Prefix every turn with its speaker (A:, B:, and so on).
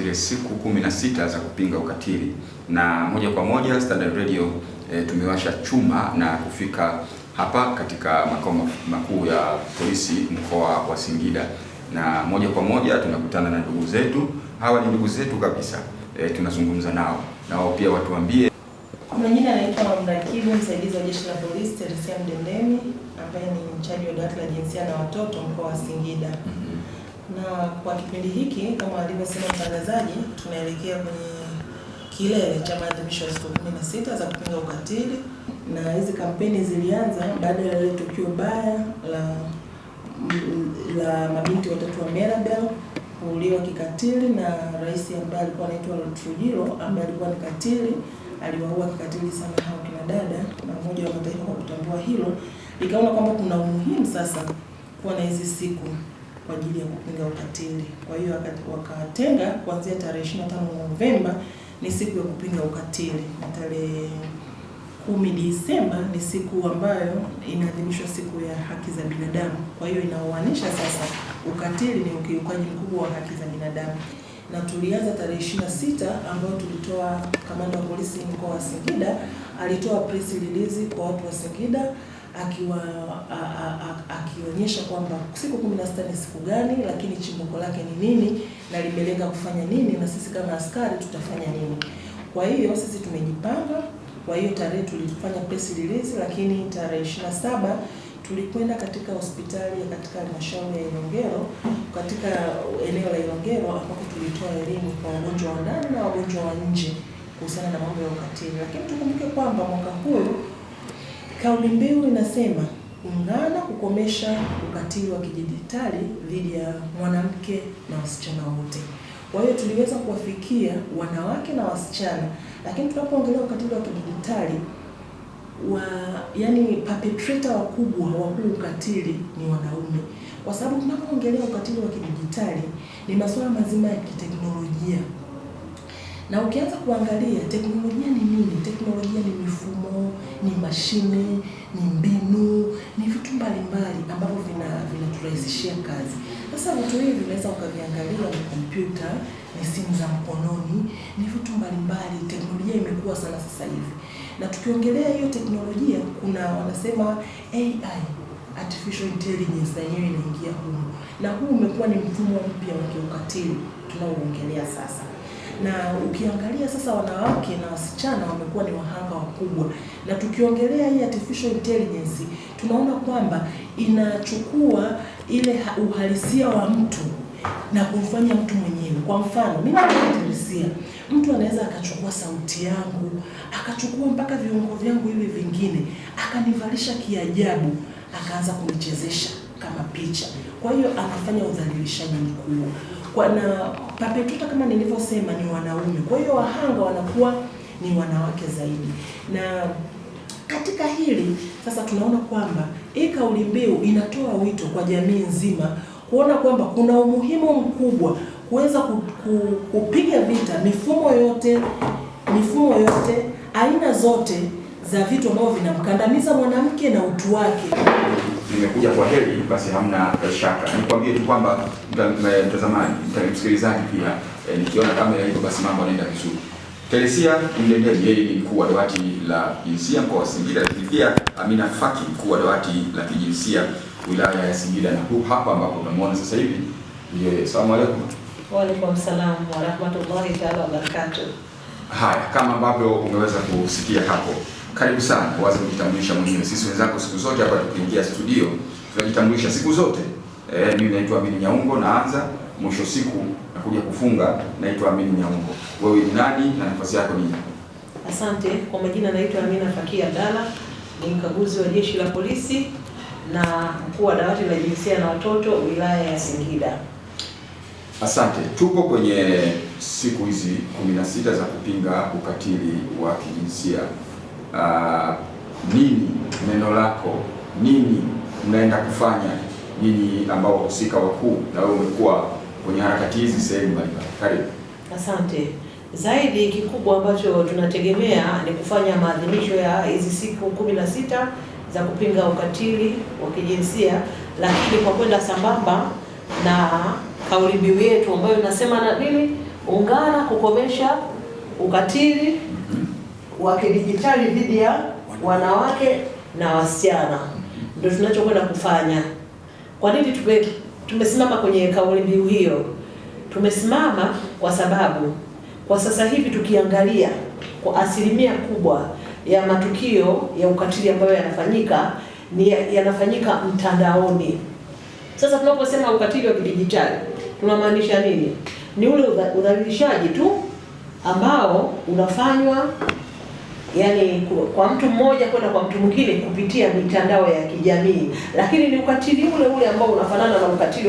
A: zile siku kumi na sita za kupinga ukatili, na moja kwa moja Standard Radio e, tumewasha chuma na kufika hapa katika makao makuu ya polisi mkoa wa Singida, na moja kwa moja tunakutana na ndugu zetu. Hawa ni ndugu zetu kabisa e, tunazungumza nao na wao pia watuambie.
B: Kwa majina anaitwa Mrakibu, msaidizi wa jeshi la polisi Teresia Mdendemi, ambaye ni mchaji wa dawati la jinsia na watoto mkoa wa Singida. mm -hmm na kwa kipindi hiki kama alivyosema mtangazaji, tunaelekea kwenye kilele cha maadhimisho ya siku kumi na sita za kupinga ukatili, na hizi kampeni zilianza baada ya ile tukio baya la la mabinti watatu wa Mirabel kuuliwa kikatili na rais ambaye alikuwa anaitwa Trujillo, ambaye alikuwa ni katili, aliwaua kikatili sana hao kina dada, na Umoja wa Mataifa kwa kutambua hilo likaona kwamba kuna umuhimu sasa kuwa na hizi siku kwa ajili ya kupinga ukatili. Kwa hiyo wakatenga kuanzia tarehe 25 Novemba ni siku ya kupinga ukatili na tarehe kumi Disemba ni siku ambayo inaadhimishwa siku ya haki za binadamu. Kwa hiyo inaoanisha sasa ukatili ni ukiukaji mkubwa wa haki za binadamu, na tulianza tarehe 26 ambayo tulitoa, kamanda wa polisi mkoa wa Singida alitoa press release kwa watu wa Singida akiwa akionyesha kwamba siku 16 ni siku gani, lakini chimbuko lake ni nini na limelenga kufanya nini, na sisi kama askari tutafanya nini. Kwa hiyo sisi tumejipanga. Kwa hiyo tarehe tulifanya press release, lakini tarehe 27 tulikwenda katika hospitali ya katika halmashauri ya Ilongero katika eneo la Ilongero ambapo tulitoa elimu kwa wagonjwa wa ndani na wagonjwa wa nje kuhusiana na mambo ya ukatili, lakini tukumbuke kwamba mwaka huu Kauli mbiu inasema Ungana kukomesha ukatili wa kidijitali dhidi ya mwanamke na wasichana wote. Kwa hiyo tuliweza kuwafikia wanawake na wasichana, lakini tunapoongelea ukatili wa kidijitali wa yani, perpetrator wakubwa wa huu ukatili ni wanaume, kwa sababu tunapoongelea ukatili wa kidijitali ni masuala mazima ya kiteknolojia, na ukianza kuangalia teknolojia ni nini, teknolojia ni mashine, ni mbinu, ni vitu mbalimbali ambavyo vinaturahisishia kazi. Sasa vitu hivi vinaweza ukaviangalia, ni kompyuta, ni simu za mkononi, ni vitu mbalimbali. Teknolojia imekuwa sana sasa hivi, na tukiongelea hiyo teknolojia, kuna wanasema AI artificial intelligence na yenyewe inaingia humu, na huu umekuwa ni mfumo mpya wa kiukatili tunaoongelea sasa na ukiangalia sasa, wanawake na wasichana wamekuwa ni wahanga wakubwa, na tukiongelea hii artificial intelligence tunaona kwamba inachukua ile uhalisia wa mtu na kumfanya mtu mwenyewe. Kwa mfano, mimi nakuelezea, mtu anaweza akachukua sauti yangu, akachukua mpaka viungo vyangu hivi vingine, akanivalisha kiajabu, akaanza kunichezesha kama picha. Kwa hiyo anafanya udhalilishaji mkubwa kwa na perpetrator kama nilivyosema ni wanaume, kwa hiyo wahanga wanakuwa ni wanawake zaidi. Na katika hili sasa tunaona kwamba hii kauli mbiu inatoa wito kwa jamii nzima kuona kwamba kuna umuhimu mkubwa kuweza kupiga vita mifumo yote mifumo yote aina zote za vitu ambavyo vinamkandamiza mwanamke na utu wake nimekuja kwa heri, basi hamna shaka. Nikwambie tu kwamba mtazamaji, msikilizaji pia e, nikiona kama hivyo, basi mambo yanaenda vizuri. Teresia Mdendeli yeye ni mkuu wa dawati la jinsia mkoa wa Singida, lakini pia Amina Faki mkuu wa dawati la kijinsia wilaya ya Singida, na huu hapa ambapo unamwona sasa hivi ndio. Asalamu alaykum. Wa alaykum salaam wa rahmatullahi wa barakatuh. Haya, kama ambavyo umeweza kusikia hapo karibu sana, wazi kujitambulisha mwenyewe. Sisi wenzako siku zote hapa tukiingia studio tunajitambulisha siku zote. Eh, mimi naitwa Amini Nyaungo, naanza mwisho siku nakuja kufunga, naitwa Amini Nyaungo. Wewe ni nani na nafasi yako ni? Asante kwa majina, naitwa Amina Fakia Dala, ni mkaguzi wa jeshi la polisi na mkuu wa dawati la jinsia na watoto wilaya ya Singida. Asante. Tuko kwenye siku hizi 16 za kupinga ukatili wa kijinsia Uh, nini neno lako, nini unaenda kufanya nyinyi ambao wahusika wakuu, na wewe umekuwa kwenye harakati hizi sehemu mbalimbali. Karibu. Asante zaidi. Kikubwa ambacho tunategemea ni kufanya maadhimisho ya hizi siku kumi na sita za kupinga ukatili wa kijinsia, lakini kwa kwenda sambamba na kauli mbiu yetu ambayo inasema na nini, ungana kukomesha ukatili mm -hmm wa kidijitali dhidi ya wanawake na wasichana, ndio tunachokwenda kufanya. Kwa nini tume, tumesimama kwenye kauli mbiu hiyo? Tumesimama kwa sababu kwa sasa hivi tukiangalia kwa asilimia kubwa ya matukio ya ukatili ambayo yanafanyika ni yanafanyika mtandaoni. Sasa tunaposema ukatili wa kidijitali tunamaanisha nini? Ni ule udhalilishaji tu ambao unafanywa yani kwa mtu mmoja kwenda kwa mtu mwingine kupitia mitandao ya kijamii, lakini ni ukatili ule ule ambao unafanana na ukatili wa